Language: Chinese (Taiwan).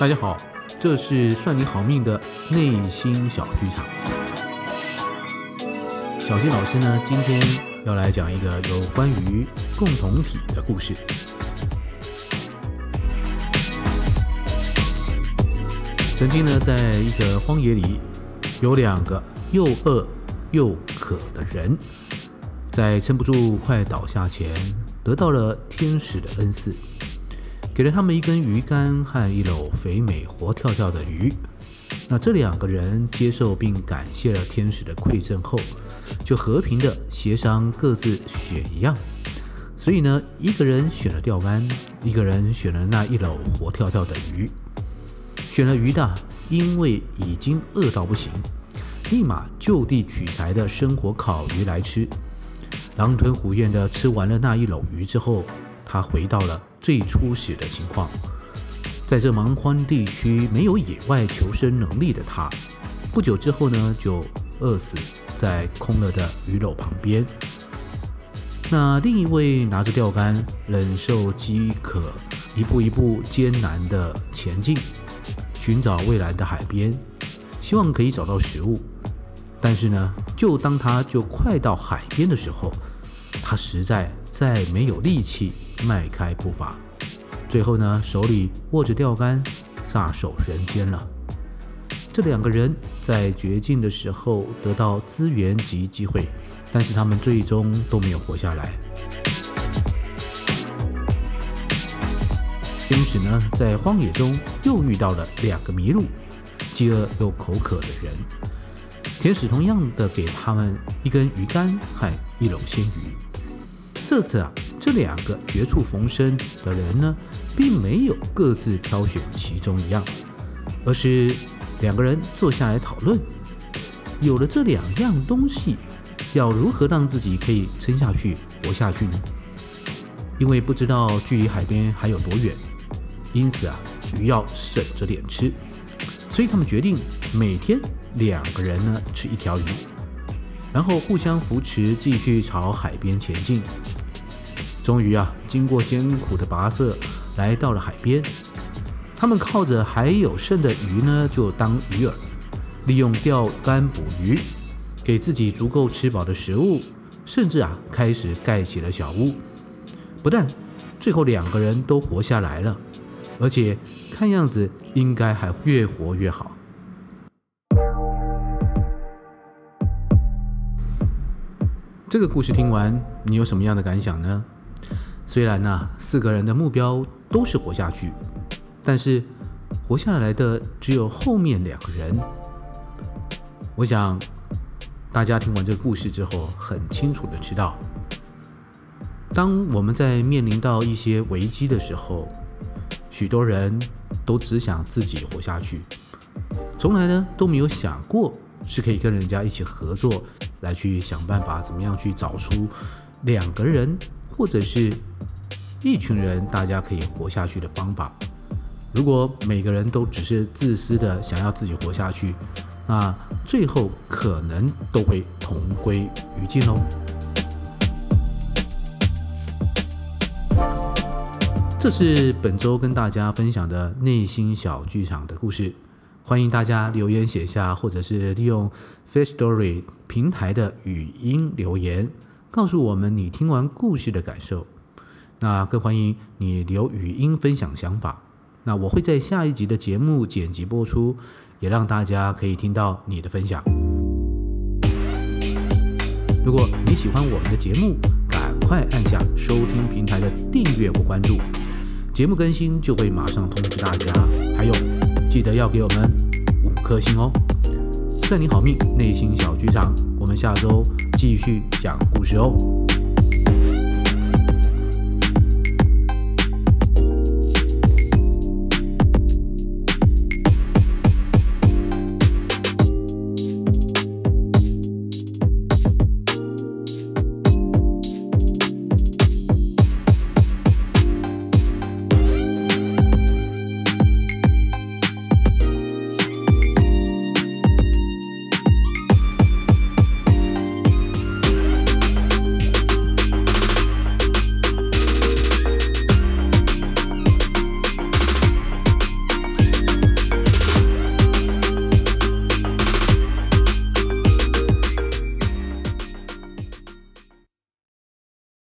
大家好，這是算你好命的內心小劇場。小金老師呢，今天要來講一個有關於共同體的故事。曾經呢，在一個荒野裡，有兩個又餓又渴的人，在撐不住快倒下前，得到了天使的恩賜。給了他們一根魚竿和一簍肥美活跳跳的魚。那這兩個人接受並感謝了天使的饋贈後，就和平的協商各自選一樣。所以呢，一個人選了釣竿，一個人選了那一簍活跳跳的魚。選了魚的，因為已經餓到不行，立馬就地取材的生火烤魚來吃。狼吞虎嚥的吃完了那一簍魚之後。他回到了最初始的情況，在這蠻荒地區沒有野外求生能力的他，不久之後呢，就餓死在空了的魚簍旁邊。那另一位拿着釣竿，忍受飢渴，一步一步艱難的前進，尋找未來的海邊，希望可以找到食物。但是呢，就當他就快到海邊的時候，他實在。再沒有力氣邁開步伐，最後呢，手裡握着釣竿，撒手人間了。這兩個人在絕境的時候得到資源及機會，但是他們最終都沒有活下來。天使呢，在荒野中又遇到了兩個迷路、飢餓又口渴的人，天使同樣的給了他們一根魚竿和一簍鮮魚。這次啊，這兩個絕處逢生的人呢，並沒有各自挑選其中一樣，而是兩個人坐下來討論，有了這兩樣東西，要如何讓自己可以撐下去、活下去呢？因為不知道距離海邊還有多遠，因此啊，魚要省着點吃，所以他們決定每天兩個人呢，吃一條魚。然後互相扶持，繼續朝海邊前進。終於啊，經過艱苦的跋涉，來到了海邊。他們靠着還有剩的魚呢，就當魚餌，利用釣竿捕魚，給自己足夠吃飽的食物。甚至啊，開始蓋起了小屋。不但最後兩個人都活下來了，而且看樣子應該還越活越好。這個故事聽完，你有什麼樣的感想呢？雖然呢，四個人的目標都是活下去，但是活下來的只有後面兩個人。我想，大家聽完這個故事之後，很清楚的知道，當我們在面臨到一些危機的時候，許多人都只想自己活下去，從來呢都沒有想過是可以跟人家一起合作。來去想辦法，怎麼樣去找出兩個人，或者是一群人，大家可以活下去的方法。如果每個人都只是自私的想要自己活下去，那最後可能都會同歸於盡哦。這是本周跟大家分享的內心小劇場的故事。歡迎大家留言寫下，或者是利用 Firstory 平台的語音留言，告訴我們你聽完故事的感受。那更歡迎你留語音分享想法。那我會在下一集的節目剪輯播出，也讓大家可以聽到你的分享。如果你喜歡我們的節目，趕快按下收聽平台的訂閱或關注，節目更新就會馬上通知大家。還有。記得要給我們五顆星哦！算你好命，內心小劇場，我們下周繼續講故事哦。